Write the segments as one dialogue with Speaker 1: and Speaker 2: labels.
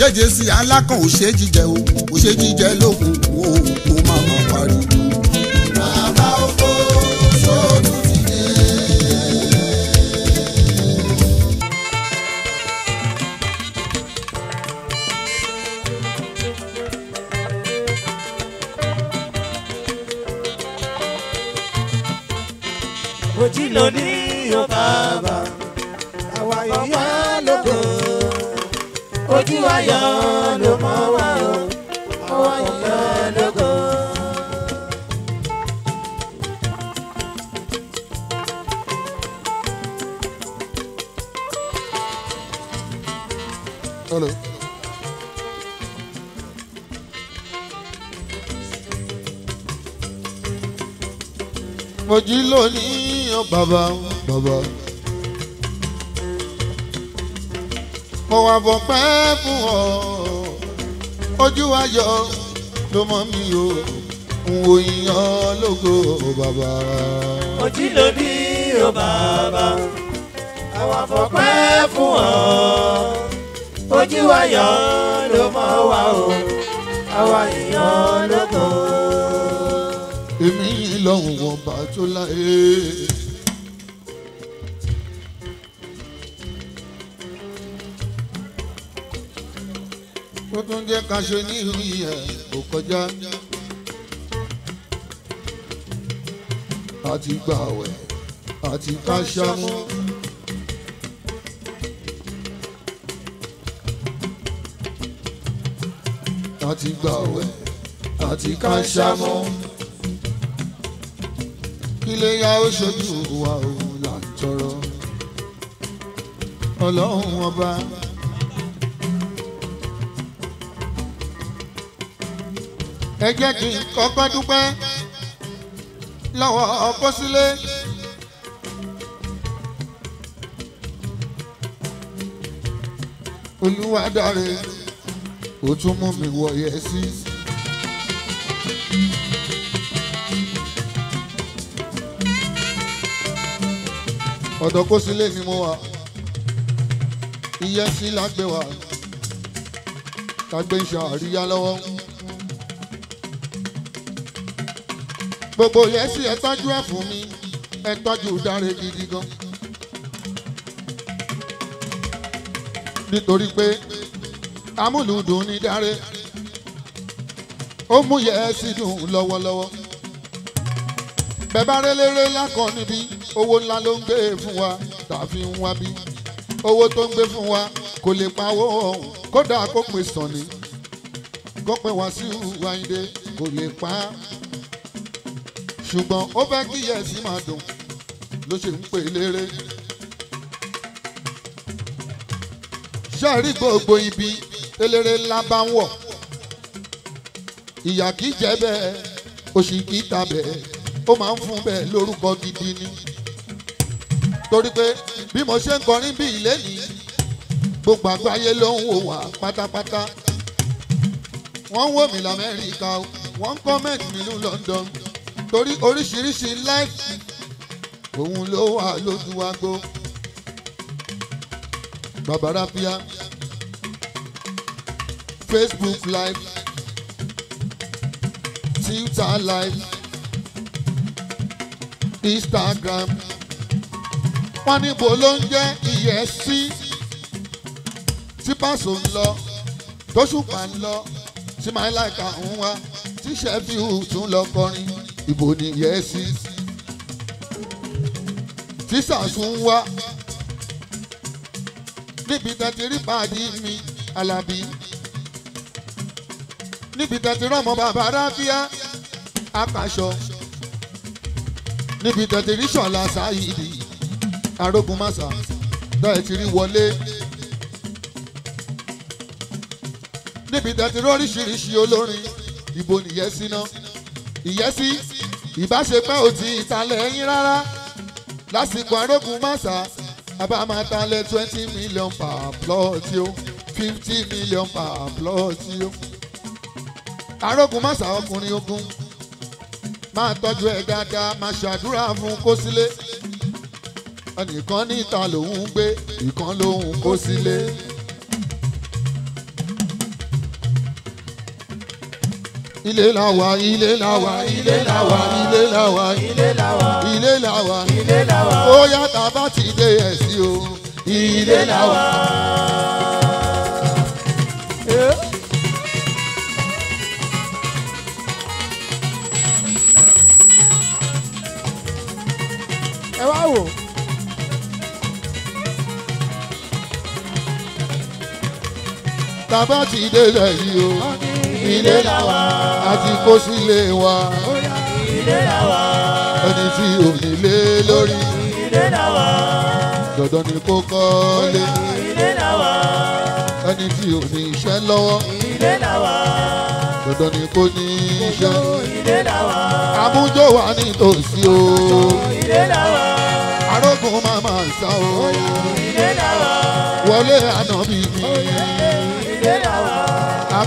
Speaker 1: jẹ́jẹ́ sí alákàn ò ṣe jíjẹ o ò ṣe jíjẹ lókun o kò má má pariwo. ayọ̀ o ọwọ́ yíyọ lógo. Hello. mo jí lónìí mo wà bọ̀ pẹ́ fún ọ ojú ayọ̀ ló mọ́ mi o wo yan lógo bàbá. ojú ló dí o bàbá àwa bọ̀ pẹ́ fún ọ ojú ayọ̀ ló mọ́ wa o àwa yan lógo. èmi lọ́hùn wọn bá tó láyé. ó tún jẹ́ ká ṣe ní ìrìn ẹ̀ kò kọjá. àti gbàwẹ̀ àti káṣámú. àti gbàwẹ̀ àti káṣámú. kílé ya ó ṣojú wa òun là ń tọrọ ọlọ́run ọba. ẹ jẹ́ kí n kọ́kọ́ dúpẹ́ lọ́wọ́ Bọ́sílé. Olúwadáre ó tún mú mi wọ yẹsí. ọ̀dọ̀ Bọ́sílé ni mo wà iyẹ́sí lágbèwà tàgbé ń ṣe lọ́wọ́. gbogbo yẹn sì ẹ tọ́jú ẹ̀ fún mi ẹ tọ́jú dáre gidi gan. nítorí pé amúlùdùn ni dáre ó mú yẹ sí dùn lọ́wọ́lọ́wọ́ bẹ́ẹ̀ bá rélére lákan níbi owó ńlá ló ń gbé fún wa tàfi ń wá bí owó tó ń gbé fún wa kò lè pawó ọ̀hún kódà kó pè sàn ní kó pè wá sí ìwà ìdè kò lè pa á ṣùgbọ́n ó fẹ́ kí yẹ̀sí máa dùn ló ṣe ń pè léré. ṣáàrí gbogbo ibi eléré ńlá bá ń wọ̀ ìyà kì í jẹ́ bẹ́ẹ̀ òṣì kì í ta bẹ́ẹ̀ ó máa ń fún bẹ́ẹ̀ lórúkọ gidi ni. torí pé bí mo ṣe ń kọrin bí ilé nìyí gbogbo àgbáyé ló ń wò wá pátápátá wọ́n ń wò mí lamẹ́ríkà wọ́n ń kọ́mẹ́ǹtì mi ní London torí oríṣiríṣi life òun ló wà lójú agbo bàbá ráfíà Facebook live Twitter live Instagram wọ́n ní bo ló ń jẹ́ ìyẹ́sí tí pàṣọ ń lọ tóṣùpá ń lọ tí máa ń láìka ń wá tíṣẹ́ fi hù tún lọ kọrin ibo nìyẹn sí tí Sàsún wá níbi tá ti rí pàdé mi Alábí níbi tá ti rán ọmọ bàbá ráfíà àkàṣọ níbi tá ti rí Ṣọlá Sáyìdì arógunmáṣá dáhẹ ti rí wọlé níbi tá ti rí oríṣiríṣi olórin ibo nìyẹn sí náà ìyẹn sí ìbáṣepẹ́ ò ti ìsàlẹ̀ yín rárá lásìkò arógun mọ́sà abámatalẹ̀ twenty million per plot o fifty million per plot o. arógun mọ́sà ọkùnrin ogun máa tọ́jú ẹ̀ dáadáa máa ṣàdúrà fún kó sílé ẹnìkan níta lòún gbé ìkan lòún kó sílé. ilé la wà ilé la wà ilé la wà ilé la wà ilé la wà ilé la wà ilé la wà ó yàtà bá ti dé ẹ̀sí o ilé la ẹ wá wò. tàbá dé lẹ́yìn o ilé làwà. a ti kó sílé wa. ilé làwà. ẹni tí ò nílé lórí. ilé làwà. dandan ni kó kọ́lé. ilé làwà. ẹni tí ò ní iṣẹ́ lọ́wọ́. ilé làwà. dandan ni kó ní iṣẹ́. ilé làwà. àmújọ wà nítòsí o. ilé làwà. arógun máa máa sá o. ilé làwà. wọlé ànábì mi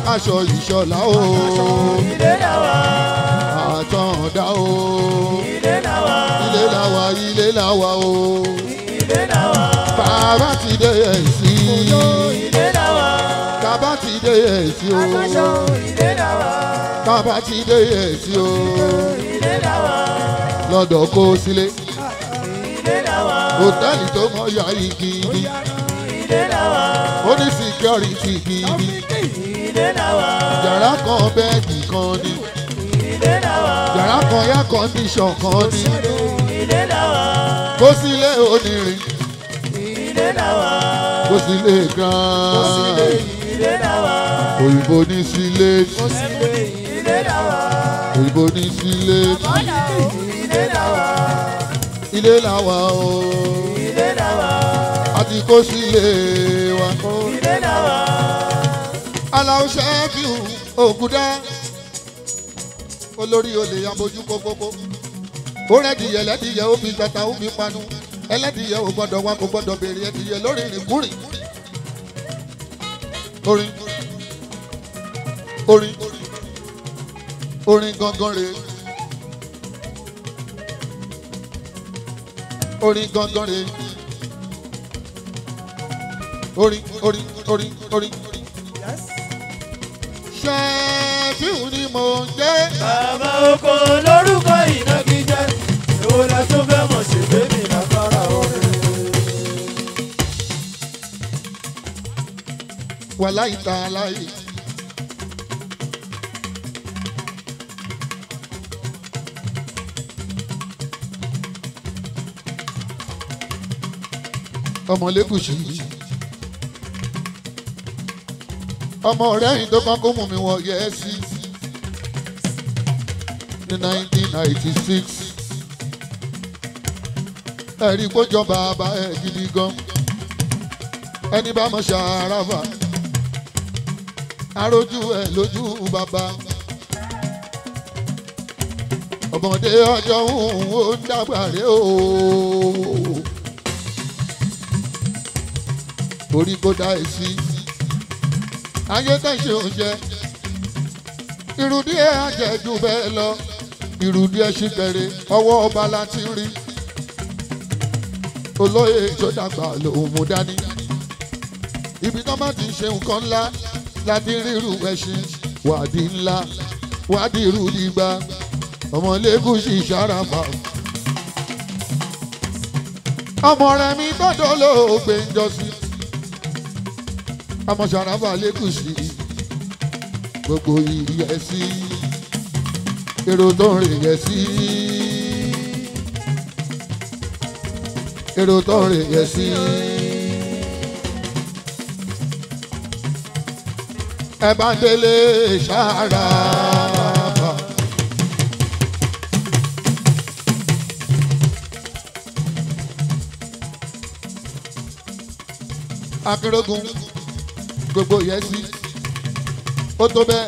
Speaker 1: àkàṣọ ìṣọ̀lá o. àkàṣọ ilé làwà. àtọ̀ǹdá o. ilé làwà. ilé làwà ilé làwà o. ilé làwà. bàbá ti dé èsì. òjò ilé làwà. bàbá ti dé èsì o. àkàṣọ ilé làwà. bàbá ti dé èsì o. ilé làwà. lọ́dọ̀ kó sílé. ilé làwà. hòtẹ́ẹ̀lì tó mọ̀ yá igi ni. ó ní síkírọ́rìtì gidi yàrá kan bẹ́ẹ̀dì kan ni yàrá kan yá kọ́ndíṣàn kan ni kó sílé onírin kó sílé grand òyìnbó ní sílé òyìnbó ní sílé ilé làwa o àti kó sílé wa aláwọ̀ ṣẹ́fì ògùdá olórí olè abojú kókókó ó rẹ́dìyẹ lẹ́dìyẹ ó fi gbàtà ó fi panu ẹlẹ́dìyẹ ò gbọ́dọ̀ wá kò gbọ́dọ̀ béèrè ẹdìyẹ lórí ìrìnkúrìn orin orin orin gangan rèé orin gangan rèé orin orin orin orin. Yes. Ṣẹ́fíù ni mò ń jẹ́. Bàbá oko lórúkọ ìnagijẹ, èwo la tó fẹ́ mọ̀ sí bébì láfárá orin. Wàlá ìta aláì. Ọmọlẹ́kùsì. ọmọ rẹ̀ yìí tó kàn kó mú mi wọ yẹ́sì ní 1996 ẹ̀rí kójọ bàbá ẹ̀ gidi gan ẹni bá mọ̀ ṣàràfà arójú ẹ̀ lójú bàbá ọmọdé ọjọ́ òun ó dàgbà rè o. orí kó dá èsì ayé tẹ̀sí oúnjẹ ìrùdí ẹ̀ àjẹjù bẹ́ẹ̀ lọ ìrùdí ẹ̀ sì kẹrẹ ọwọ́ ọba láti rí olóyè tó dàgbà lòun mú dání ibi tó má ti ṣe nǹkan ńlá láti ríru ẹṣin wádìí ńlá wádìí irú ìgbà ọmọlẹ́kùn sì ṣàràfà ọmọ rẹ mi gbọ́dọ̀ lóògbé ń ọmọ ṣàràfà lẹ́kùsì gbogbo ìyẹ́sí èrò tó ń rìn yẹ́sí. èrò tó ń rìn yẹ́sí. ẹ bá délé ṣàràfà. akérògùn gbogbo yẹn sí ó tó bẹ́ẹ̀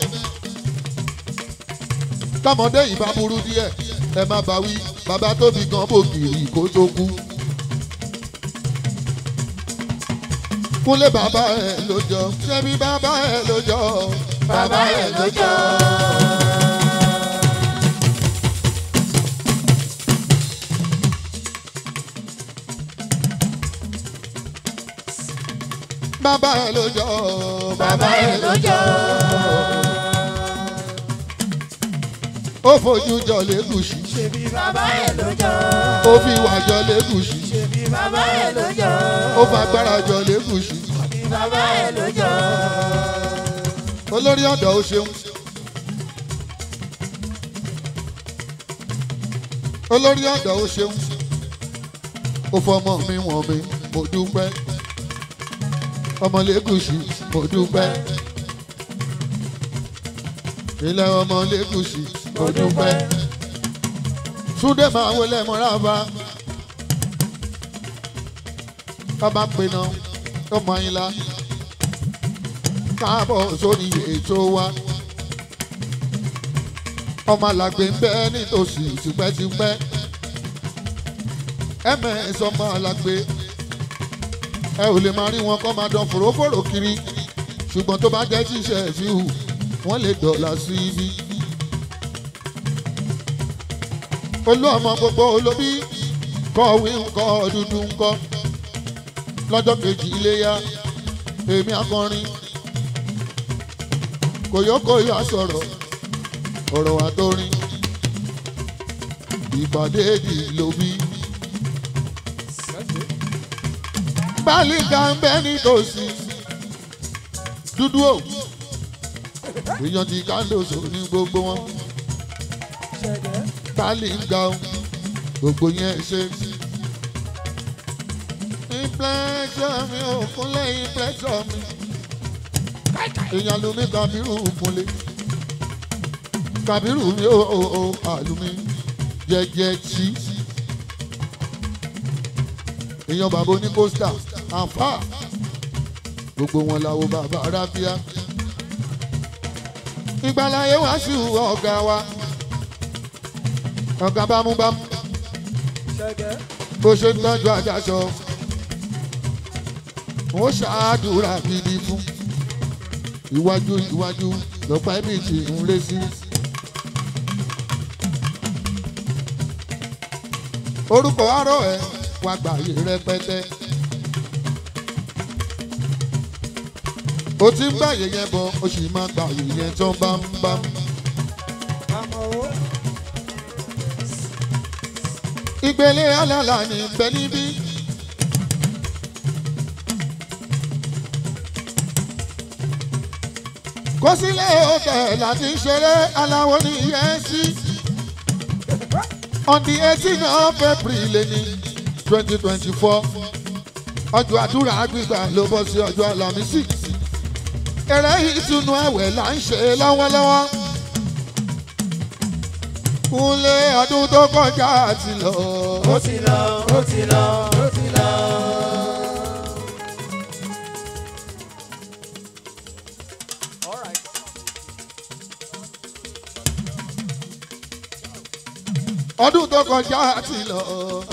Speaker 1: tọmọdé yìí bá burú díẹ̀ ẹ má bá wí bàbá tó fi gan bògìrì kó tó kú. kúnlé bàbá ẹ lójọ ṣẹbi bàbá ẹ lójọ bàbá ẹ lójọ. bàbá ẹ̀ ló jọ bàbá ẹ̀ ló jọ. ó fojú jọ lẹ́gùsì. ṣèbí bàbá ẹ̀ ló jọ. ó fi ìwà jọ lẹ́gùsì. ṣèbí bàbá ẹ̀ ló jọ. ó fagbára jọ lẹ́gùsì. ṣèbí bàbá ẹ̀ ló olórí ọ̀dọ́ ó ṣeun. olórí ọ̀dọ́ ó ṣeun. ó fọmọ mi wọ̀n mi mo dúpẹ́ ọmọlẹ́gùsù mo dúpẹ́. ilẹ̀ ọmọlẹ́gùsù mo dúpẹ́. túndé máa wọlé mọ́rábà. ọba pinnu ọmọ yín la káàbọ̀ sórí ètò wa ọmọ alàgbé ń bẹ nítòsí tipẹ́tipẹ́ ms ọmọ alàgbé ẹ ò lè máa rí wọn kọ́ máa dán fòrófòró kiri ṣùgbọ́n tó bá jẹ́ tíṣẹ́ fíhù wọ́n lè dọ̀là sí ibi. olú ọmọ gbogbo olóbí kọ́ wí ńkọ́ dúdú ńkọ́ lọ́jọ́ kejì iléyá èmi akọrin kòyókòyó àsọ̀rọ̀ ọ̀rọ̀ àtọrin ìpàdé èdè lóbi. bali kan bẹ nítòsí dúdú o èèyàn ti kándòsó ní gbogbo wọn bali ń ga o gbogbo yẹn ṣe. ìpẹ́jọ́ mi ò kúnlẹ̀ ìpẹ́jọ́ mi èèyàn lumi kàbírù kúnlẹ̀ kàbírù mi ò ò ò àlùmí jẹjẹ tí èèyàn bàbá oní kóstà àfà gbogbo wọn làwọn bàbá rábíà ìgbàláyé wá sí ọ̀gá wa ọ̀gá bámúbámú bó ṣe ń tọ́jú àjàṣọ ó ṣàdúrà gidi fún iwájú iwájú lọ́pàá ẹ̀mí ti ń lé sí. orúkọ arọ ẹ wàá gbàyè rẹpẹtẹ. ó ti ń báyé yẹn bọ ó sì máa gbà yẹn tó ń ìgbélé alálà ní bẹ níbí. kó sílé òkè láti ṣeré aláwo ní yẹ́sí. on the eighteen of April lẹ́ni twenty twenty four ọjọ́ àdúrà àgbègbà ló bọ́ sí ọjọ́ Àlàmísì kẹ̀kẹ́rẹ́ ìtùnú àwẹ̀ là ń ṣe lọ́wọ́lọ́wọ́. kúnlé ọdún tó kọjá ti lọ. ó ti lọ ó ti lọ ó ti lọ. ọdún tó kọjá ti lọ.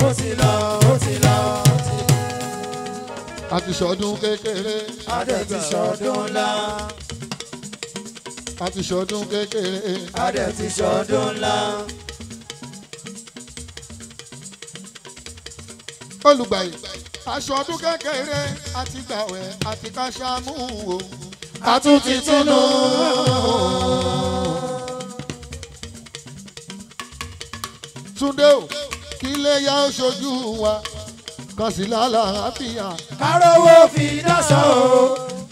Speaker 1: ó ti lọ ó ti lọ a ti ṣọdún kékeré. a dẹ̀ ti ṣọdún ńlá. a ti ṣọdún kékeré. a dẹ̀ ti ṣọdún ńlá. olùgbàyè aṣọ ọdún kékeré àti gbàwẹ̀ àti káṣámú o. a tún ti túnú. túndé o kí lè yá ó wa kọsí lálàáfíà. kárọ̀wọ́ fi dáṣọ o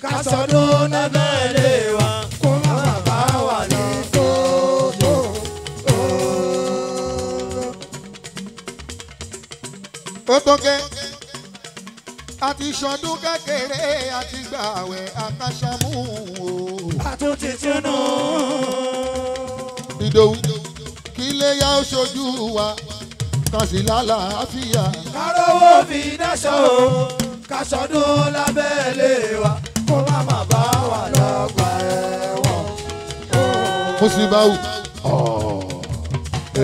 Speaker 1: kásọdún lẹ́gbẹ̀ẹ́ lè wá kó má bàbá wà ní kóòtò. ó tó gẹ́ àti ṣọdún kékeré àti gbàwẹ̀ àkàṣàmú o. àtúntì tínú. Ìdòwú kí lè yá ó wa kàsí lálàáfíà. kárówó fi dáṣọ o kásọdún lábẹ́lé wa kó má má bá wà lọ́gbà ẹ̀wọ̀n. mo sì bá wù.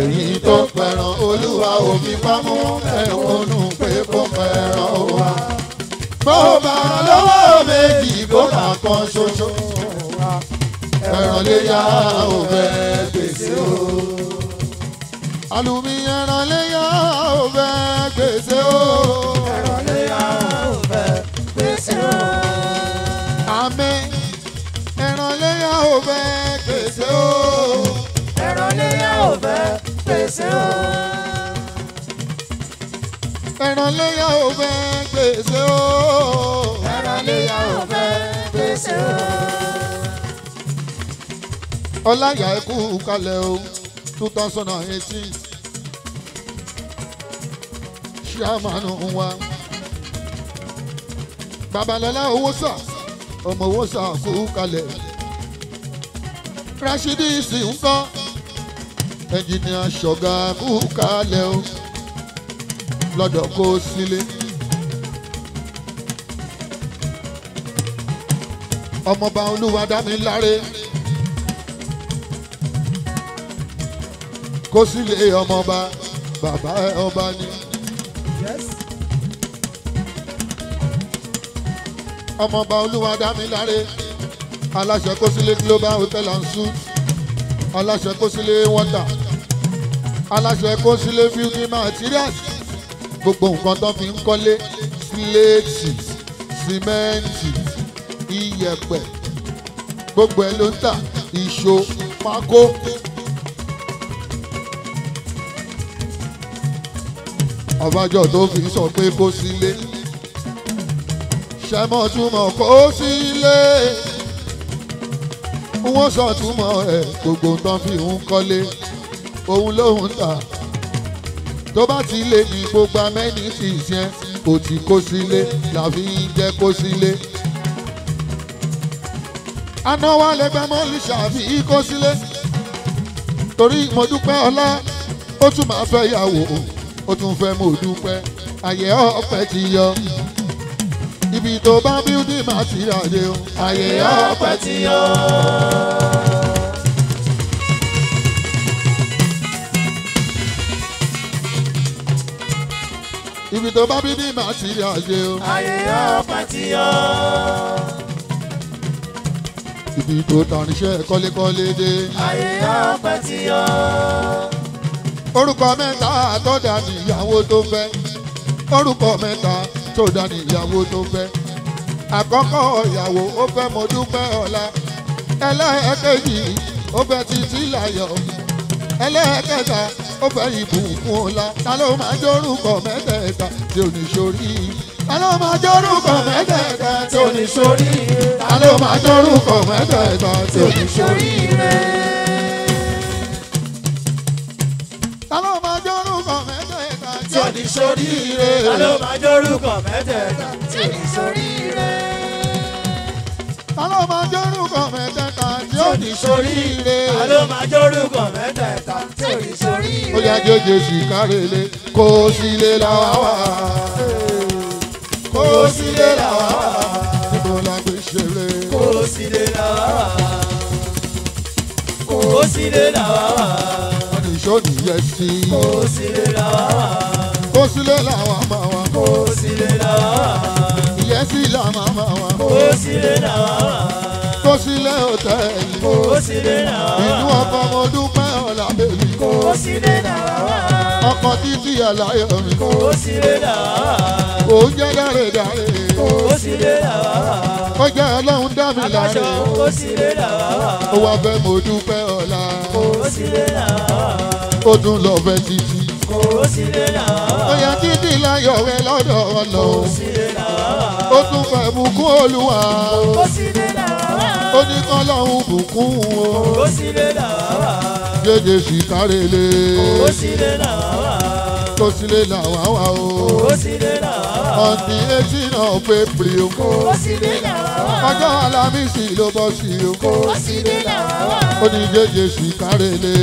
Speaker 1: èyí tó pẹ̀ràn olúwa òfin pamọ́ ẹ̀wọ̀n pé kó pẹ̀ràn wa. bó bá lọ́wọ́ méjì kó má kan ṣoṣo. ẹ̀ràn lè yá òfẹ́ gbèsè o àlùmí ẹran léyà ò fẹ́ gbèsè o. ẹran léyà ò fẹ́ gbèsè o. àmì ẹran léyà ò fẹ́ o two thousand and eighteen ṣàmánú wa. babalọ́lá owó sà ọmọ owó sà kú kalẹ̀. rashidi sì ń kọ́ ẹnjìnìà ṣọ̀gá kú kalẹ̀ o lọ́dọ̀ kó sílé. ọmọọba olúwadámiláre kó sílé ọmọọba bàbá ọba ni. ọmọọba olúwa dámiláre aláṣẹ kọsílẹ̀ global hotel and suites aláṣẹ kọsílẹ̀ water aláṣẹ kọsílẹ̀ building materials gbogbo nǹkan tó fi ń kọ́lé síléètì sìmẹ́ǹtì iyẹ̀pẹ̀ gbogbo ẹ̀ ló ń tà ìṣó pákó. àbájọ tó fi sọ pé kó sílé ṣẹmọtúmọ̀ kó sílé wọ́n sọ̀túmọ̀ ẹ̀ gbogbo tán fi ń kọ́lé òun lòun tà tó bá ti lé ní gbogbo amẹ́ni ti yẹn kò tí kó sílé làfi ń jẹ́ kó sílé. anáwó alẹ́gbẹ́mọ́ lè ṣàfi kó sílé torí mo dúpẹ́ ọlá ó tún máa fẹ́ yàwó ó tún fẹ́ mo dúpẹ́ àyẹ̀ ọ̀pẹ ti yọ ibi tó bá bíúdì material dé o. àyè ọpẹ́ ti yọ. ibi tó bá bíúdì material dé o. àyè ọpẹ́ ti yọ. ibi tó tàníṣẹ́ kọ́lékọ́lé dé. àyè ọpẹ́ ti yọ. orúkọ mẹ́ta tó dàbí ìyàwó tó fẹ́ orúkọ mẹ́ta tó dání ìyàwó tó fẹ́ àkọ́kọ́ ìyàwó ó fẹ́ mo dúpẹ́ ọ̀la ẹlẹ́ẹ̀kejì ó fẹ́ títí láyọ̀ ẹlẹ́ẹ̀kẹta ó fẹ́ ìbùkún ọ̀la ta ló máa jórúkọ mẹ́tẹ̀ẹ̀ta tí ò ní sórí ta ló máa jórúkọ mẹ́tẹ̀ẹ̀ta tí ò ní sórí ta ló máa jórúkọ mẹ́tẹ̀ẹ̀ta tí ò ní sórí ṣoríire. ta ló máa jórúkọ mẹ́tẹ̀ẹ̀ta tí ò ní ṣoríire. ta ló máa jórúkọ mẹ́tẹ̀ẹ̀ta tí ò ní ṣoríire. ta ló máa jórúkọ mẹ́tẹ̀ẹ̀ta tí ò ní ṣoríire. ó yá jẹ́ Jésù kárẹ̀lé kó o sì lè là wá wá. kó o sì lè là wá wá. níbo la gbé ṣeré. kó o sì lè là wá wá. kó o sì lè là wá wá. wọ́n ní sọ́ọ̀nì yẹn sí. kó o sì lè là wá wá kó sílé wa máa wà. kó sílé làwọn máa wà. ìyẹ́sì làwọn máa wà. kó sílé làwọn máa wà. kó sílé hòtẹ́ẹ̀lì. kó sílé làwọn máa wà. inú ọkọ mo dúpẹ́ ọ̀la bèbí. kó sílé làwọn máa wà. ọkọ títí aláyọ̀ mi. kó sílé làwọn máa wà. oúnjẹ dáre dáre. kó sílé làwọn ó jẹ́ ọlọ́run dá mi láre. ó sì lè rà ó wá fẹ́ mo dúpẹ́ ọ̀la. ó sì lè ó dùn lọ fẹ́ títí kò sí lè là wá. ó yẹ kí dìlà yọ̀wé lọ́dọ̀ ọlọ́run. kò sí lè là wá. ó tún fẹ́ bùkún olúwa. kò sí lè là wá. ó ní kọ́ lọ́hún bùkún o. kò sì kárẹ̀ kò sí lè là wá. wá o. kò etí náà pé pèrè o. ọjọ́ alámísì ló bọ́ sí o. kò ní jẹjẹ sì kárẹ̀ lé.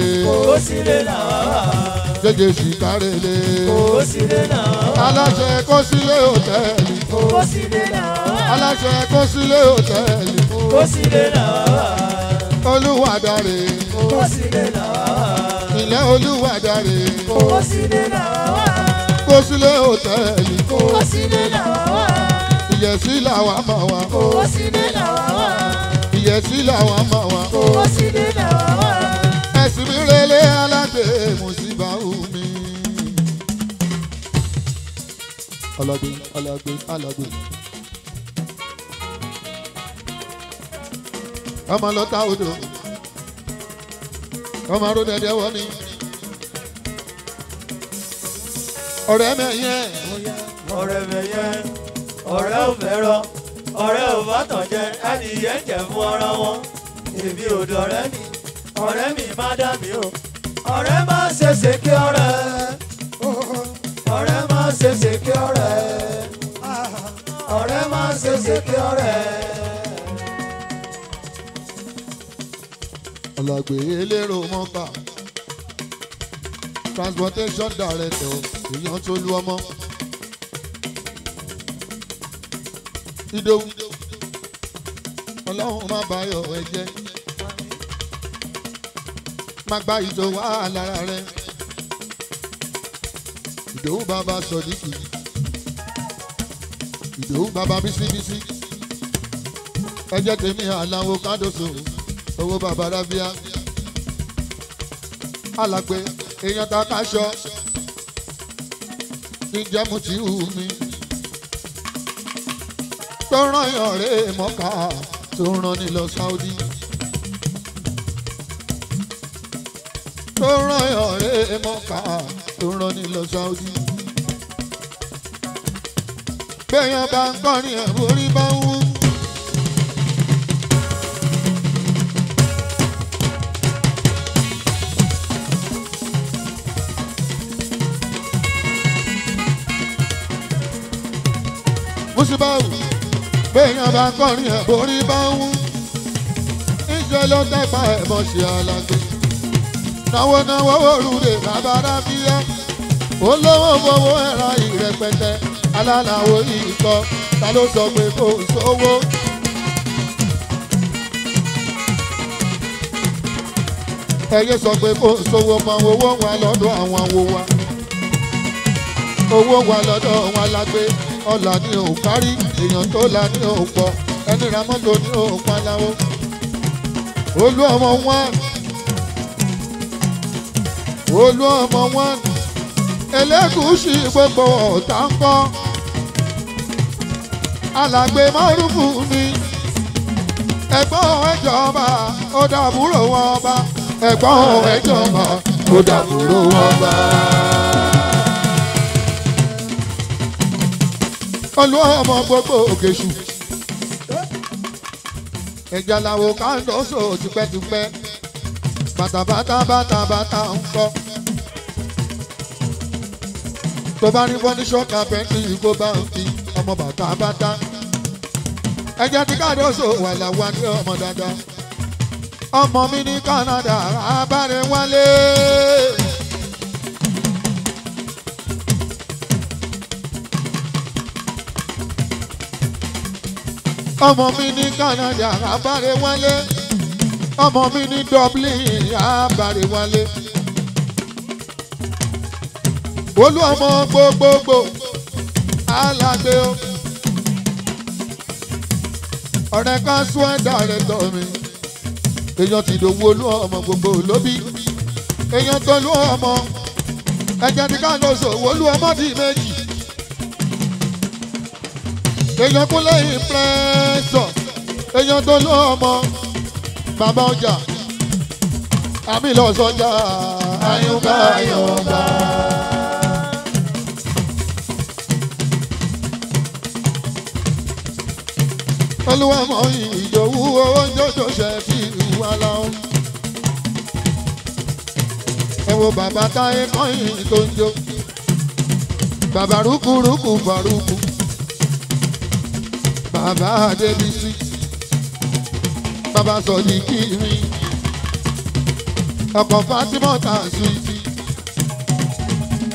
Speaker 1: kò lè là wá jẹjẹ sìkárẹ̀ lé. kò sí dé náà. aláṣẹ kó sílé hòtẹ́ẹ̀lì. kò sí dé náà. aláṣẹ kó sílé hòtẹ́ẹ̀lì. kò sí dé náà. olúwa dáre. kò sí dé náà. ilẹ̀ olúwa dáre. náà. kó hòtẹ́ẹ̀lì. kò náà. ìyẹ̀sí làwa máa wà. kò náà. ìyẹ̀sí làwa máa wà. kò náà
Speaker 2: ìsìnbírele
Speaker 1: alágbe mùsíbà omi. alágbe alágbe alágbe. ọmọ lọ́tà odò ọmọ rúdẹ̀ dẹ́wọ́ ni ọ̀rẹ́ mẹ́yẹ. ọ̀rẹ́ mẹ́yẹ ọ̀rẹ́ ò fẹ́ràn ọ̀rẹ́ ò bá tàn jẹ ẹnìyẹn jẹ fún ara wọn èmi ò dọ̀rẹ́ ni ọ̀rẹ́ mi má dà mí o ọ̀rẹ́ má ṣèṣe kí ọ̀rẹ́ ọ̀rẹ́ má ṣèṣe kí ọ̀rẹ́ ọ̀rẹ́ má ṣèṣe kí ọ̀rẹ́. ọ̀làgbé elérò mọ́kà transportation director èèyàn tó lu ọmọ. ìdòwú ọlọ́run má bàyọ̀ ẹ jẹ́ má gba ìdòwú alára rẹ ìdòwú bàbá sọdíkì ìdòwú bàbá bísíbísí ẹjẹ tèmi àlàwo kádòsò owó bàbá rábíà alàgbé èèyàn ta káṣọ níjẹ́ mo ti hù mí tó rán yàn rèé mọ́ká tó rán ni lọ Saudi. rán ọ̀rẹ́ mọ́kà tó rán ni lọ Saudi. gbẹ̀yàn bá ń kọrin ẹ̀rù orí bá ń wú. Musibau gbẹ̀yàn bá ń kọrin ẹ̀rù ìjọ ló tẹ́pà ẹ̀bọ̀n ṣe alágbèsè náwó náwó òrùlé lábára bíyá olówó fowó ẹ̀rọ ìrẹpẹtẹ alálàwò ìkọ ta ló sọ pé kò sówó. ẹyẹ sọ pé kò sówó mọ owó wa lọ́dọ̀ àwọn wo wa owó wa lọ́dọ̀ wa la gbé ọlà ni ò kárí èèyàn tó la ni ò pọ̀ ẹni ra mọ́tò ni ò paláwo olú ọmọ wọn olú ọmọ wọn Ẹlẹ́gùṣì gbogbo ọ̀tá ń kọ́ alàgbé márùfù ni ẹ̀gbọ́n ẹ̀jọba ó dàbúrò wọn ọba ẹ̀gbọ́n ẹ̀jọba ó dàbúrò wọn ọba. olú ọmọ gbogbo òkèṣù ẹ̀jẹ̀ làwọn kan dọ́sọ̀ tipẹ́tipẹ́ bàtàbàtà bàtàbàtà ń kọ́. tó bá ní fọ́níṣọ́ kápẹ́ńtì ìgò bá ń fi ọmọ bàtàbàtà. ẹ̀jẹ̀ ti káàdó so wà láwa ní ọmọ dáadáa. ọmọ mi ní Canada abárẹ̀wálé. ọmọ mi ní Canada abárẹ̀wálé ọmọ mi ní Dublin abàríwálé olú ọmọ gbogbogbò alágbé o ọ̀rẹ́ kan sún ẹ̀dá rẹ̀ tọ̀ mi èèyàn ti dòwú olú ọmọ gbogbo lóbi èèyàn tó lú ọmọ ẹ̀jẹ̀ ti ká lọ sòwò olú ọmọ di méjì èèyàn kúnlẹ̀ ìpẹ́ẹ́sọ̀ èèyàn tó lú ọmọ bàbá ọjà àmì ìlọsọjà ayọ̀bá ayọ̀bá. olúwa mọ ìjòwú owó jọjọ ṣe fi ìwà lọ. ẹ wo bàbá táyé kọ́yìn tó ń jó bàbá rúkúrúkú fàrúkú bàbá adébísí bàbá sọ ní kiri ọkọ fatimota suwiti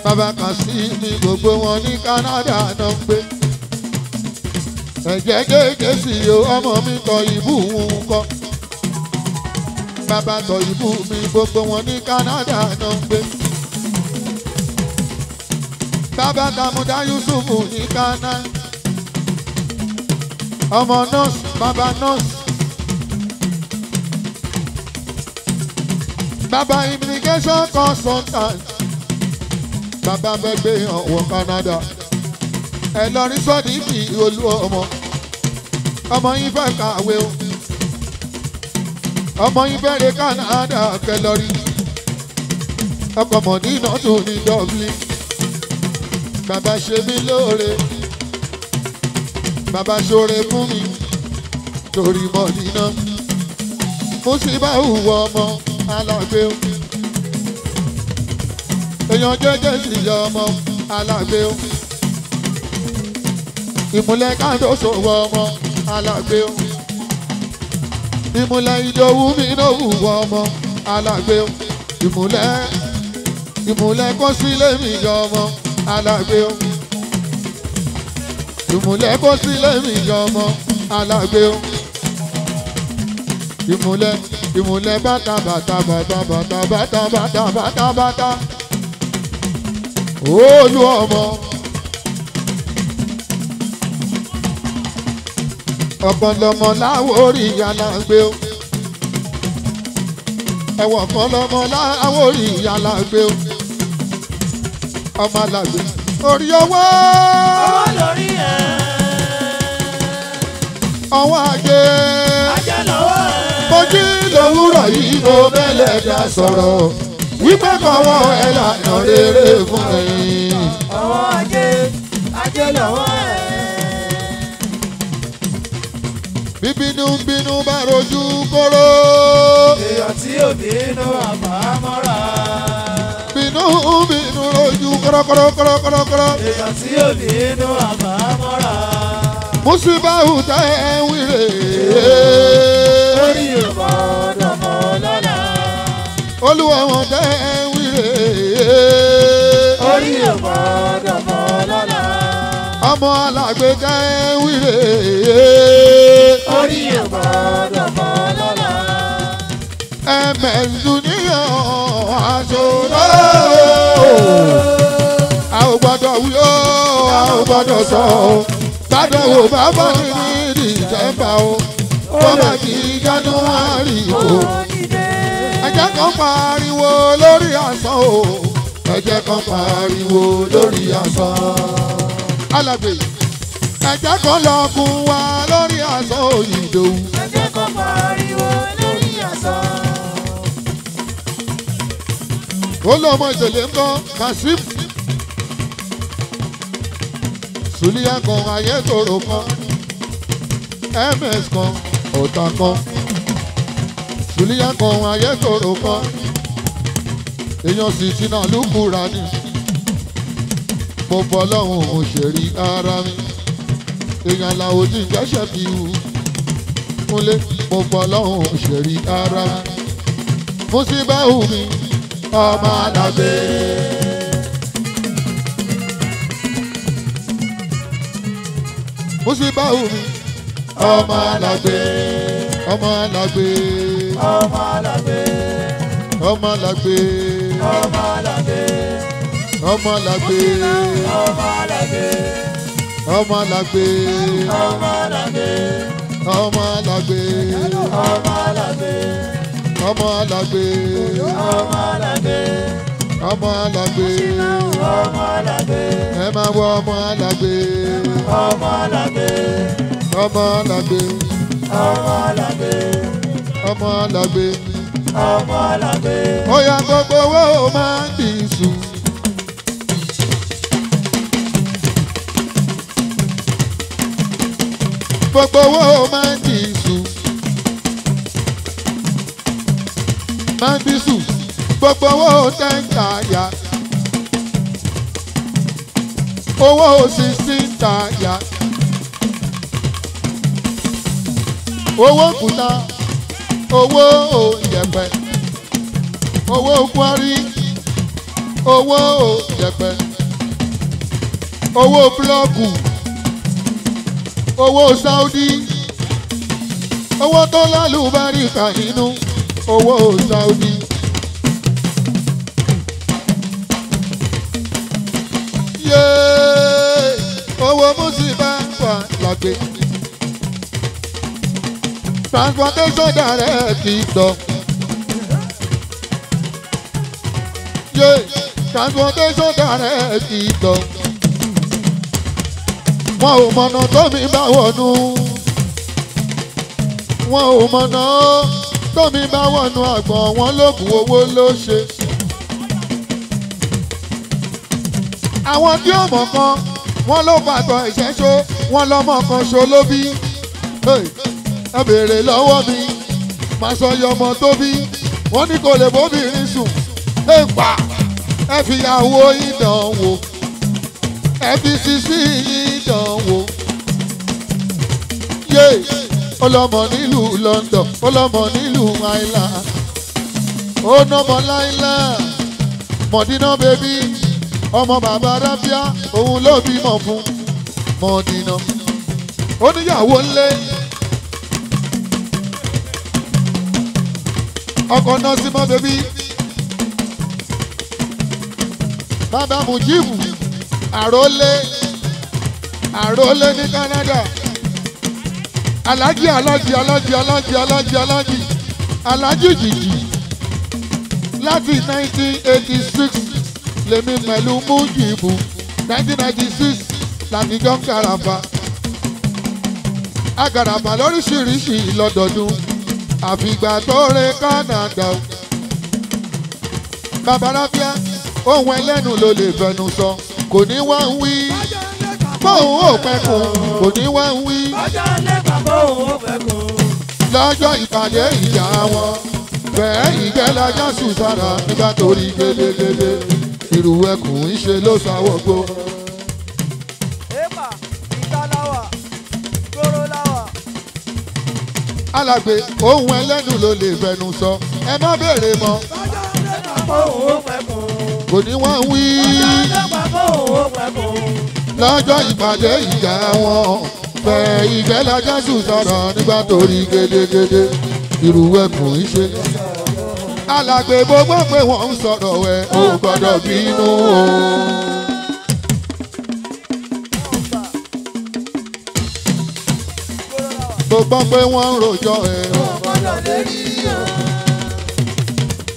Speaker 1: bàbá kasimi gbogbo wọn ní Canada náà ń gbé ẹ̀jẹ̀ kéèké sí o ọmọ mi tọ ìbú ń kọ́ bàbá tọ ìbú mi gbogbo wọn ní Canada náà ń gbé bàbá Tàmúdá Yusuf ní Canada ọmọ nọ́ọ̀sì bàbá nọ́ọ̀sì. Baba immigration consultant bàbá fẹ́ gbé Canada ẹ lọ rí sọ́ọ̀dì fi olú ọmọ ọmọ yín fẹ́ kàwé o ọmọ yín fẹ́ re Canada kẹlọ́rí ọkọ̀ mọ̀dínà tún ní Dublin Baba ṣe mí lóore Baba ṣoore fún mi torí mọ̀dínà mo sì bá hùwà ọmọ alágbe o èèyàn jẹ́jẹ́ sì yọ ọmọ alágbe o ìmúlẹ̀ káńdó sòwò ọmọ alágbe o ìmúlẹ̀ ìdòwú mi ló wùwọ ọmọ alágbe o ìmúlẹ̀ ìmúlẹ̀ kó sílé mi yọ ọmọ alágbe o ìmúlẹ̀ kó sílé mi yọ ọmọ alágbe o ìmùlẹ̀ ìmùlẹ̀ bàtà bàtà bàtà bàtà bàtà bàtà bàtà bàtà olú ọmọ. ọ̀pọ̀lọmọ láwọn orí ìyá là ń gbé o ẹ̀wọ̀n ọ̀pọ̀lọmọ láwọn orí ìyá là ń gbé o ọmọ àlàgbé orí ọwọ́. ọwọ́ lórí ẹ̀. ọwọ́ ajé. ajé lówùrọ̀ yìí mo bẹ́lẹ̀ dá sọ̀rọ̀ wípé kọ́wọ́ ẹ lànà rere fún ẹ̀yin. ọwọ́ ajé ajé lọ́wọ́ ẹ̀. bíbínú bínú bá rojú kóró. èèyàn tí ò bínú àbámọ́ra. bínú bínú rojú kọ́rọ́kọ́rọ́kọ́rọ́kọ́rọ́. èèyàn tí ò bínú àbámọ́ra. Musibahu tẹ́ ẹ oriye wíre. orí ọ̀gbọ́dọ̀ mọ́ lọ́la. olúwa wọn tẹ́ ẹ ń wíre. orí ọ̀gbọ́dọ̀ mọ́ lọ́la. ọmọ alágbe tẹ́ ẹ ń wíre. orí ọ̀gbọ́dọ̀ mọ́ lọ́la. ẹ̀mẹ̀sù níyàn aṣọ náà. a ò gbọ́dọ̀ wí ó a ò gbọ́dọ̀ sọ kádánwò bá bá ní ní ìjẹ́mbà o wọ́n bá ní January o ẹ̀jẹ̀ kan pariwo lórí asán o ẹ̀jẹ̀ kan pariwo lórí asán. alábè ẹ̀jẹ̀ kan lọ́kùn wa lórí asán Ìdòwú. ẹ̀jẹ̀ kan pariwo lórí asán. ó lọ́mọ ìṣẹ̀lẹ̀ ń bọ́ Kasim. Suliya kan Ayétòrò kan ms kan ọ̀tà kan Suliya kan Ayétòrò kan èèyàn sì ti náà lùkùrà ni mo bọ́ lọ́hùn mo ṣe rí ara mi èèyàn làwọn ojú ìgbésẹ̀ fi wù kúnlé mo bọ́ lọ́hùn mo ṣe rí ara mi mo sì bá wù mí ọmọ àlàbẹ̀. Musibau mi. ọmọ alàgbé. ọmọ alàgbé. ọmọ alàgbé. ọmọ alàgbé. ọmọ alàgbé. ọmọ alàgbé. ọmọ alàgbé. ọmọ alàgbé. ọmọ alàgbé. ọmọ alàgbé. ọmọ alàgbé. ọmọ alàgbé. ọmọ alàgbé ọmọ alàgbé ọmọ alàgbé ẹ máa wọ ọmọ alàgbé ọmọ alàgbé ọmọlàgbé ọmọlàgbé ọmọlàgbé ọmọlàgbé ó yá gbogbo owó máa ń dì sùn. gbogbo owó máa ń dì sùn. máa ń dì sùn gbogbo owó ten tàyà owó sixteen tàyà. owó kùtà owó òyẹ̀pẹ̀ owó kwari owó òyẹ̀pẹ̀ owó búlọ́ọ̀kù owó Saudi owó tó lálùbáríkà nínú owó Saudi. yeah, owó mùsùlùmí bá wà lágbè transportation director. Yeah, transportation director. Wọ́n ò mọ̀nà tó mi bá wọnú. Wọ́n ò mọ̀nà tó mi bá wọnú àgbọ̀n wọn lóògùn owó ló ṣe. Àwọn tí ó mọ̀ kan, wọ́n ló pàtó ìṣẹ́ṣó, wọ́n lọ́mọ kan ṣo ló bí. Hey ẹ béèrè lọ́wọ́ mi màá sọ iye ọmọ tó bí wọ́n ní kò lè bóbìnrin sùn ẹ gbà ẹ fìyàwó ìdánwò ẹ fi sisi ìdánwò. ọlọ́mọ nílùú London ọlọ́mọ nílùú Ireland ó nọ́mọ láìláà mọ̀dínà bèbí ọmọ bàbá rábíà òun ló bímọ fún mọ̀dínà ó níyàwó ńlẹ́. ọkọ̀ náà sí mọ́ bèbí. bàbá mujibu àrólé àrólé ní Canada alájí alájí alájí alájí alájí alájí alájí jìjì láti 1986 lèmi pẹ̀lú mujibu 1996 làbíjọ́ ń karamba agaraba lóríṣiríṣi lọ́dọọdún àfìgbà tó re Canada o. babaláfíà ohun ẹlẹ́nu ló lè fẹnu sọ kò ní wá ń wí bóun ò pẹ́kun kò ní wá ń wí. lọ́jọ́ lẹ́ka bóun ò pẹ́kun. lọ́jọ́ ìpàdé ìjà wọn bẹ́ẹ̀ ìgbẹ́lájà sùn sára nígbà tó rí gédégédé ìrù ẹkùn ń ló sáwọ́ gbó. alàgbé ohun ẹlẹ́nu ló lè fẹnu sọ ẹ má béèrè mọ́. sọ́jọ́ lè pàpọ̀ òwò pẹ̀kọ̀. kò ní wọ́n wí. sọ́jọ́ lè pàpọ̀ òwò pẹ̀kọ̀. lọ́jọ́ ìpàdé ìjà wọn fẹ́ ìfẹ́ lájásù sọ̀rọ̀ nígbà tó rí gédégédé irú ẹkùn ìṣe. alàgbé gbogbo pé wọ́n ń sọ̀rọ̀ ẹ̀ ò gbọ́dọ̀ bínú o. mo gbọ́ pé wọ́n ń rojọ́ ẹ̀. mo gbọ́dọ̀ lérí o.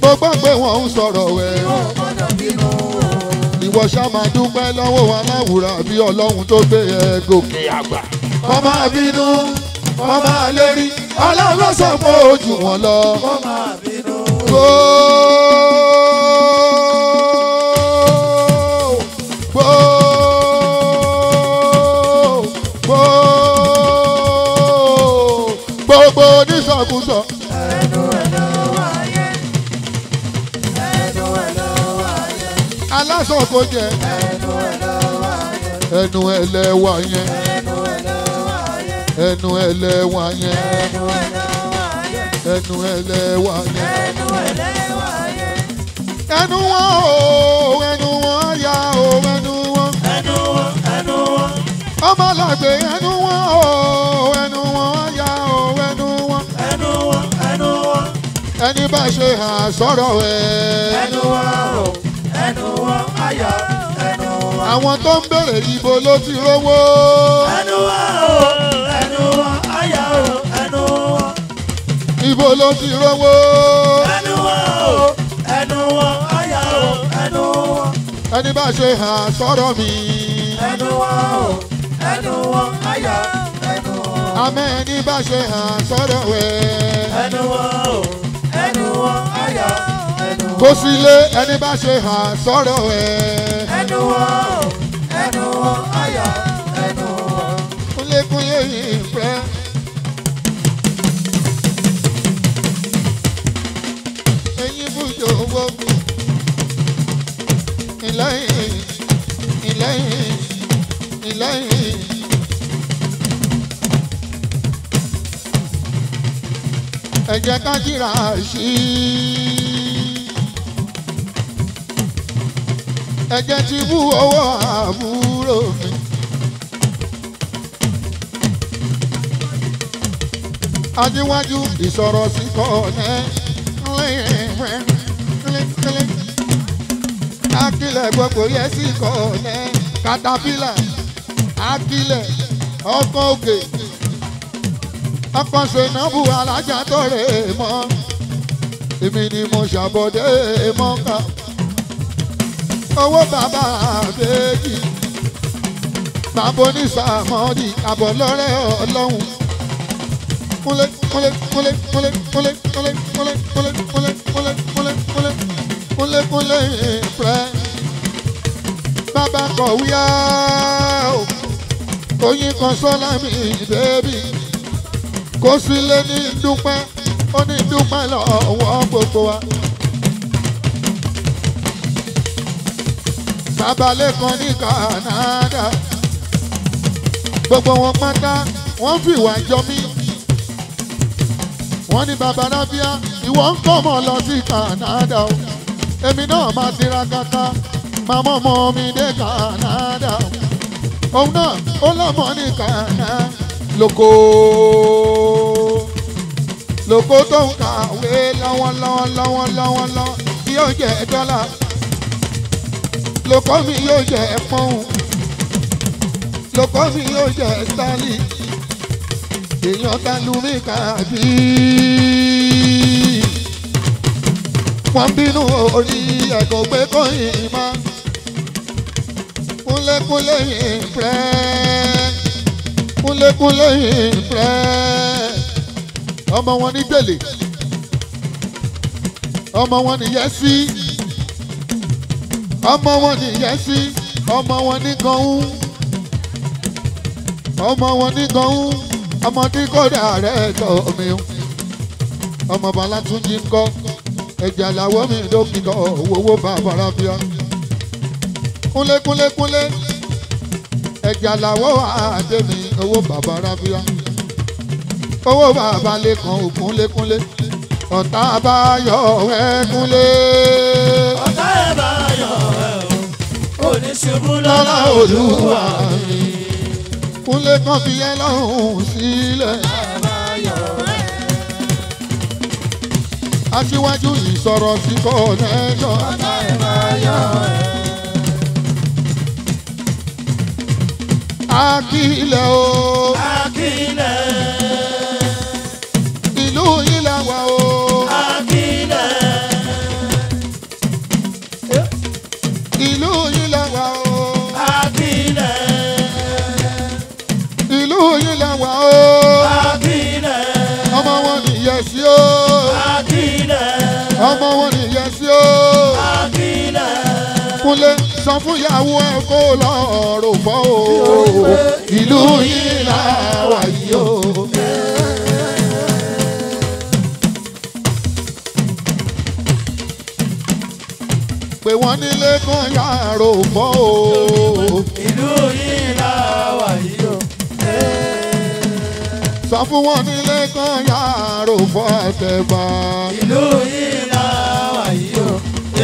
Speaker 1: mo gbọ́ pé wọ́n ń sọ̀rọ̀ ẹ̀. mo gbọ́dọ̀ bínú o. ìwọ ṣá máa dúpẹ́ lọ́wọ́ wa láwùrà bí ọlọ́run tó gbé ẹ gòkè àgbà. wọ́n máa bínú wọ́n máa lérí ọlọ́run sọ pé ó jù lọ. wọ́n máa bínú sàn kó jẹ. ẹnu ẹlẹ́wà yẹn. ẹnu ẹlẹ́wà yẹn. ẹnu ẹlẹ́wà yẹn. ẹnu wọn o ẹnu wọn ya o ẹnu wọn. ẹnu wọn ẹnu wọn. ọmọ làgbé ẹnu wọn o ẹnu wọn ya o ẹnu wọn. ẹnu wọn ẹnu wọn. ẹni bá ṣe hàn sọ̀rọ̀ ẹ̀. ẹnu wọn o àwọn tó ń béèrè ibo ló ti rówó. ẹnu wa o ẹnu wa àyà o ẹnu wa. ibo ló ti rówó. ẹnu wa o ẹnu wa àyà o ẹnu wa. ẹni bá ṣe hàn sọ̀rọ̀ mi. ẹnu wa o ẹnu wa àyà ẹnu wa. àmọ́ ẹni bá ṣe hàn sọ̀rọ̀ wẹ̀. ẹnu wa o ẹnu wa àyà ẹnu wa. kó sílé ẹni bá ṣe hàn sọ̀rọ̀ wẹ̀ ẹnu wọn ẹnu wọn ayọ̀ ẹnu wọn. kúnlékúnlé yìí fẹ́. ẹyin bùjọ owó kù ìlẹ́yìn ìlẹ́yìn ẹ jẹ́ ká jíra sí i. ẹ̀jẹ̀ ti bú ọwọ́ àbúrò mi. ajíwájú ìsọ̀rọ̀ sí kọ́ọ̀nẹ́ akílẹ̀ gbogbo yẹ sí kọ́ọ̀nẹ́ katapila akílẹ̀ ọkọ̀ òkè ọkọ̀ ṣènàbù alájà tó rè mọ́ èmi ni mo ṣàbọ̀dé mọ́ká owó bàbá àbẹ́jì bàbá onísàmọ́dì àbọ̀lọ́rẹ́ ọlọ́run kúnlẹ̀ kúnlẹ̀ kúnlẹ̀ kúnlẹ̀ kúnlẹ̀ kúnlẹ̀ kúnlẹ̀ kúnlẹ̀ kúnlẹ̀ kúnlẹ̀ kúnlẹ̀ kúnlẹ̀ kúnlẹ̀ kúnlẹ̀ rẹ̀ bàbá kọ̀wéá oyin kan sọ́lá mi bẹ́ẹ̀bì kó sílé ní dúpẹ́ ó ní dúpẹ́ lọ́wọ́ gbogbo wa. babalẹ́kan ní Canada gbogbo wọn pátá wọ́n fìwà jọ mí wọ́n ní baba Rabia ìwọ ń kọ́ mọ́ lọ sí Canada o èmi náà máa tirakata máa ọmọ mi dé Canada o òun náà ó lọ́mọ ní Canada lóko lóko tó ń kàwé lọ́wọ́lọ́wọ́lọ́wọ́lọ́wọ́ tí yóò jẹ́ dọ́là lóko mi yóò jẹ pọ́hùn lóko mi yóò jẹ sálì èèyàn ta lu mí kàbí. wọ́n bínú orí ẹ̀kọ́ pé kọ́yìn má kúnlékúnlé yìí pẹ́ẹ́ kúnlékúnlé yìí pẹ́ẹ́ ọmọ wọn ní gbèlè ọmọ wọn ní yẹ́sí ọmọ wọn nìyẹn sí ọmọ wọn ní gan-ún ọmọ wọn ní gan-ún ọmọ ní kódà rẹ̀ tọ́ mi ọmọ bàlá tún jí ń kọ́ ẹ̀jẹ̀ àlàwọ́ mi dókítà owó bàbára bíọ́ kúnlékúnlékúnlé ẹ̀jẹ̀ àlàwọ́ àdé mi owó bàbára bíọ́ owó bàbá lẹ́kàn òkúnlékúnlé ọ̀tá bá yọ̀ ẹ́ kúnlé. ọ̀tá bá yọ̀ kò ní ṣubú lọ́lá olúwa mi. kúnlé kan fi ẹ lọ́rùn sílẹ̀. aṣíwájú ìsọ̀rọ̀ sí kọ́nẹ́ṣọ̀. akílẹ̀ o. akílẹ̀. nìyẹn sí o. Akílẹ̀. Ọmọ wọn nìyẹn sí o. Akílẹ̀. Kúnlé sọ fún ìyàwó ẹ kó lọ rò bọ́ o. Ìlú yìí là wà yìí o. Pé wọ́n nílé kan yàrá ò bọ́ o. Ìlú yìí. sọ fún wọn nílé kan yàrá òfò àtẹ̀bà. ìlú yìí la wà yìí o.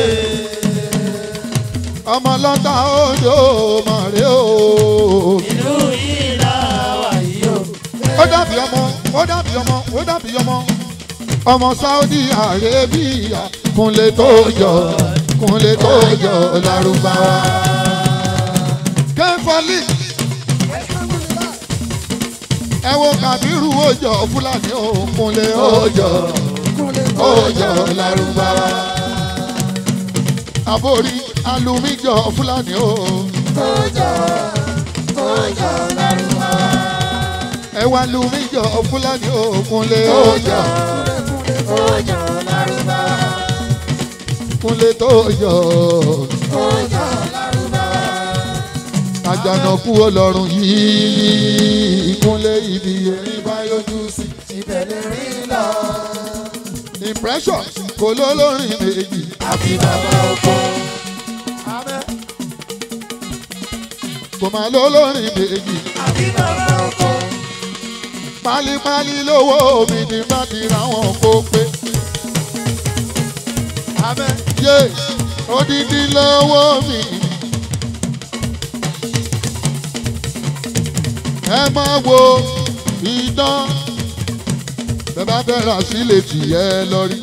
Speaker 1: Eh. ọmọ lọ́tà odò màrè o. ìlú yìí la wà yìí o. ó dàbí ọmọ ó dàbí ọmọ ó dàbí ọmọ ọmọ Saudi Arabia kúnlẹ̀ tó yọ kúnlẹ̀ tó yọ lárúbáwá. kẹfọ́lì ẹ wo Kàbírù òjò Fúlàní òkunlé òjò òjò Lárúbáwá àbórí alùmíjọ Fúlàní ojo òjò Lárúbáwá ẹ wá alùmíjọ Fúlàní òkunlé òjò òjò Lárúbáwá kúnlé tó yọ àjànàkú ọlọ́run yìí ìkúnlẹ̀ ibi erin bá yọjú sí ibẹ̀ lè rí lọ. impression kò lólórin méjì. àfi bàbá oko. kò máa lólórin méjì. àfi bàbá oko. pálípálí lówó mi ni bá ti kó pé. abẹ́ yé odidi lówó mi. ẹ máa wo idán bẹ́ẹ̀ bá fẹ́ ra sílẹ̀tì ẹ lọ rí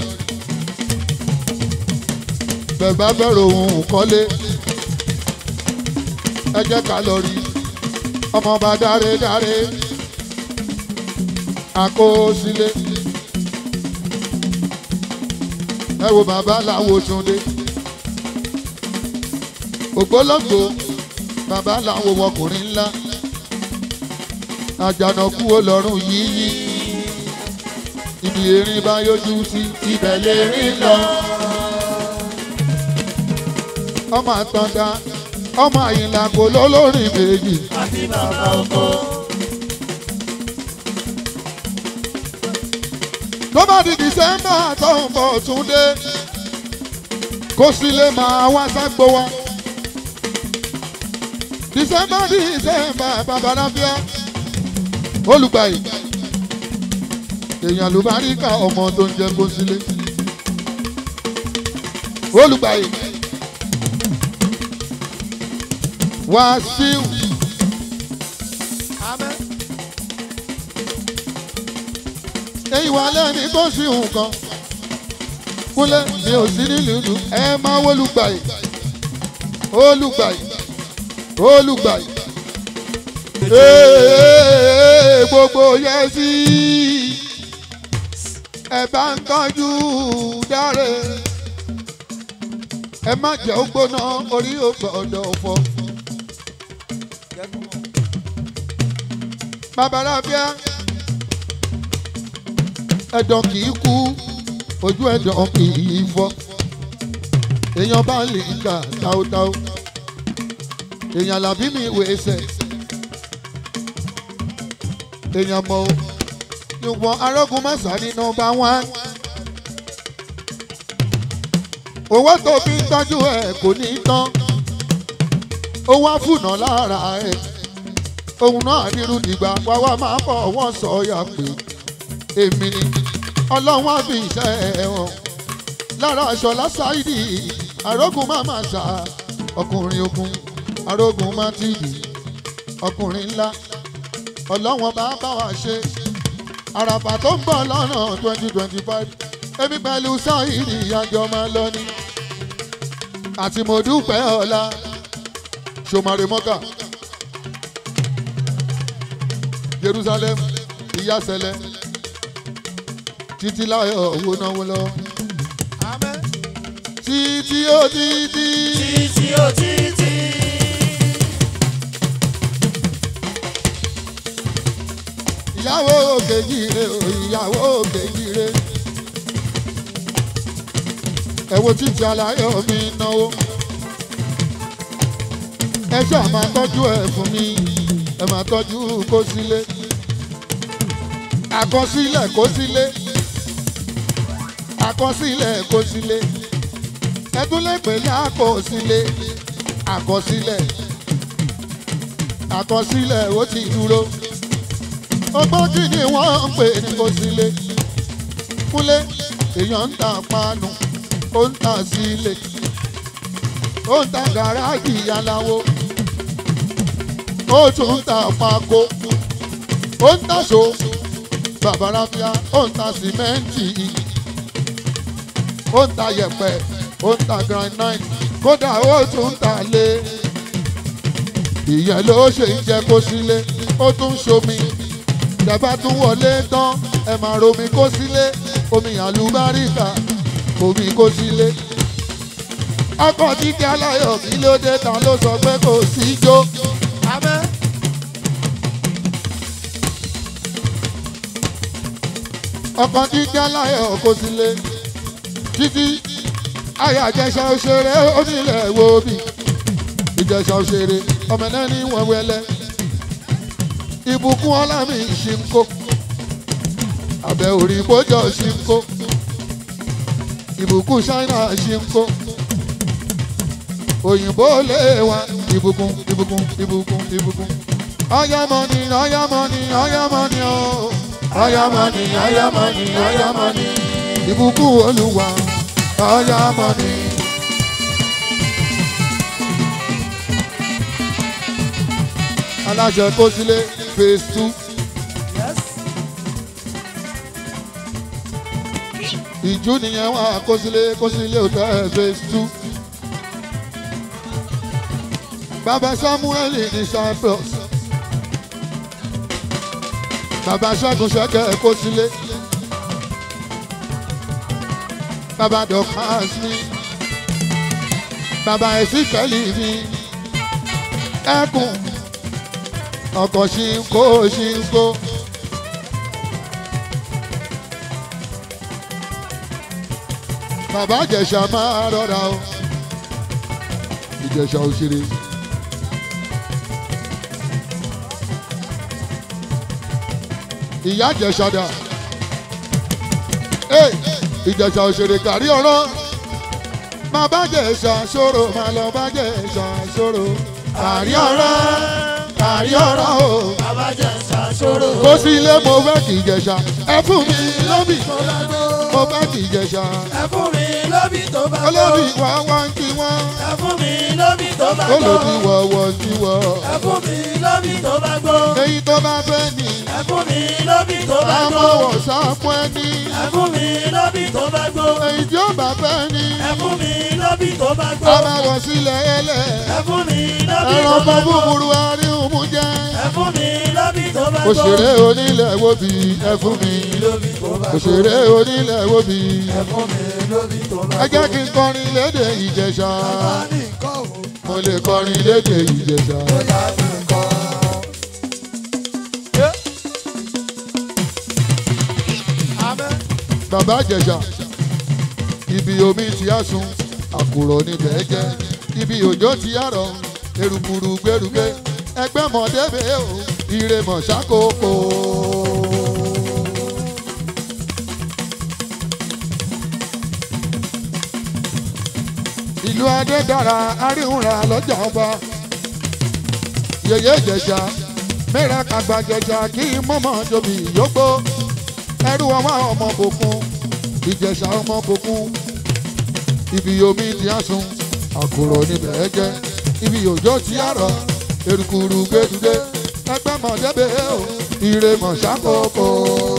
Speaker 1: bẹ́ẹ̀ bá fẹ́ ro ohun kọ́lé ẹ jẹ́ ká lọ rí ọmọọba dáre dáre àkọsílẹ̀ ẹ wo bàbá làwọn Túndé ògbólógbò bàbá làwọn ọkùnrin ńlá àjànàkú olọ́run yíyí ibi erin bá yójú sí ibẹ̀ lè rí lọ. ọmọ àtàndá ọmọ àyìnlá kò lólórin méjì. àti bàbá ọkọ. tó bá di dísẹ́mbà tó ń bọ̀ tún dé kó sì lè máa wá ságbó wa. dísẹ́mbà dísẹ́mbà olùgbàyè èèyàn ló bá rí ká ọmọ tó ń jẹ kó sílé olùgbàyè Wàsíù ìwà lẹ́ni tó sì nǹkan kúnlẹ̀ mi ò sí nílùú ìlú ẹ máa wólùgbàyè olùgbàyè olùgbàyè gbogbo yẹ sí ẹ bá ń tọ́jú dáre ẹ má jẹ́ ó gbóná orí ò gbọ́dọ̀ fọ́. babalábíà ẹ̀dọ̀ kì í kú ojú ẹ̀dọ̀ kì í fọ́ èèyàn bá lè kà táótáó èèyàn làbí mi wèé sẹ̀ èèyàn mọ́ o ṣùgbọ́n arógun má sá ní nọ́mbà one. owó tó fi ń tọ́jú ẹ̀ kò ní tán ó wá fùnà lára ẹ̀ òun náà nírú dìgbà wá wá máa bọ̀ wọ́n sọ ya pé èmi ni ọlọ́wọ́n fi iṣẹ́ ẹ̀ hàn lára aṣọ lásáìdì arógun má má sá ọkùnrin ogun arógun má tìbì ọkùnrin ńlá ọlọ́wọ́n bá bá wa ṣe àràfà tó ń bọ̀ lọ́nà twenty twenty five èmi pẹ̀lú sáyìdì ìyájọ́ máa lọ ni àti mo dúpẹ́ ọ̀la ṣòmàrè mọ́kà Jerusalem ìyá sẹlẹ̀ títí láyọ̀ owó náwó lọ. títí ó títí. títí ó títí. ìyàwó òkèjìre o ìyàwó òkèjìre. ẹ wo títí aláyọ̀ mi náwó ẹ ṣáà máa tọ́jú ẹ fún mi ẹ máa tọ́jú kó sílé àkọsílẹ̀ kó sílé àkọsílẹ̀ kó sílé ẹ tún lè pè ní àkọsílé àkọsílẹ̀ àkọsílẹ̀ ó ti dúró ọgbọ́jì ni wọ́n ń pè ní kò sílé kúlé èèyàn ń ta panu ó ń ta sílé ó ń ta gàràjì aláwo ó tún ń ta pako ó ń ta so bàbá ó ń ta sìmẹ́ǹtì ó ń ta yẹ̀pẹ̀ ó ń ta granite kódà ó tún ń ta lé ìyẹn ló ṣe ń jẹ kó sílé ó tún ń ṣomi tẹ́fà tún wọlé tán ẹ máa romi kó sílé omi àlùbáríkà omi kó sílé. ọkọ̀ jíjẹ́ aláyọ̀ kí ló dé ta ló sọ pé kò síjó. amẹ́. ọkàn jíjẹ́ láyọ̀ kò sí lé títí ayàjẹsà òṣèré onílẹ̀ wo bí ìjẹsà òṣèré ọmọ náà wọ́n wẹlẹ́ ìbùkún ọlá mi ṣì ń kó abẹ́ orí kójọ ṣì ń kó ìbùkún ṣáínà ṣì ń kó òyìnbó lè wá ìbùkún ìbùkún ìbùkún ìbùkún ọyámọ́ni ọyámọ́ni ọyámọ́ni o ọyámọ́ni ọyámọ́ni ọyámọ́ni ìbùkún olúwa ọyámọ́ni. alájọ kó sílé phase two. Yes. ìjú nìyẹn wà kóṣílé kóṣílé hotel phase two. bàbá samuel ní cyprus. bàbá ṣẹ́gun ṣẹ́kẹ̀ kóṣílé. bàbá dọ̀kan sí. bàbá ẹ̀sìn kẹ́lì mi. ẹkùn ọkọ̀ ṣì ń kó ṣì ń kó. bàbá ìjẹ̀ṣà máa rọra o ìjẹ̀ṣà òṣèré. ìyá ìjẹ̀ṣà dà ìjẹ̀ṣà òṣèré gàrí ọ̀rán máa bá ìjẹ̀ṣà ṣòro máa lọ bá ìjẹ̀ṣà ṣòro gàrí ọ̀rán kárí ọ̀rọ̀ o. bàbá jẹ̀sà sọ̀rọ̀. kó sí ilé mo fẹ́ kì jẹ̀sà ẹ fún mi lóbì. mo lágbó mo fẹ́ ti jẹ̀ṣà. ẹ fún mi lóbi tó bá tó. olóbi wà wá ń kí wọ́n. ẹ fún mi lóbi tó bá tó. olóbi wà wọ̀ ń kí wọ́n. ẹ fún mi lóbi tó bá tó. èyí tó bá fẹ́ ni. ẹ fún mi lóbi tó bá tó. àmọ́ wọ̀ sáfún ẹni. ẹ fún mi lóbi tó bá tó. èyí tí ó bá fẹ́ ni. ẹ fún mi lóbi tó bá tó. a máa wọ̀ sílẹ̀ ẹlẹ̀. ẹ fún mi lóbi tó bá tó. ẹran fún búburú aríhùnmú jẹ́. ẹ fún mi lóbi tó bá tó. òṣèré onílẹ̀ wo bí ẹ fún mi. òṣèré onílẹ̀ ẹ wo bí. ẹ̀fọ́ mi lóbi tó lọ. ẹ jẹ́ kí n kọrin lédè ìjẹ̀ṣà. mo lè kọrin lédè ìjẹ̀ṣà. bóyá mi kọ́. bàbá ìjẹ̀ṣà ibi omi ti á sun àkùrọ̀ níbẹ̀ jẹ́ ibi òjò ti á rọ̀ erùpùrù gbẹrùgbẹ ẹgbẹ́ mọ̀débẹ̀ o ire mọ̀ ìlú adédára aríhùnra lọ́jà ọba yèyé ìjẹ̀ṣà mẹ́ra kàgbà jẹ̀ṣà kí mọ́mọ́ jomi yógbó ẹrú ọwọ́ ọmọ kòkun ìjẹ̀ṣà ọmọ kòkun ibi yomi ti á sun àkùrọ̀ níbẹ̀ ẹ jẹ́ ibi òjò ti á rọ̀ erukuru gbẹdúgbẹ ẹgbẹ́ mọ̀débẹ̀ o ire mọ̀ṣákòókò.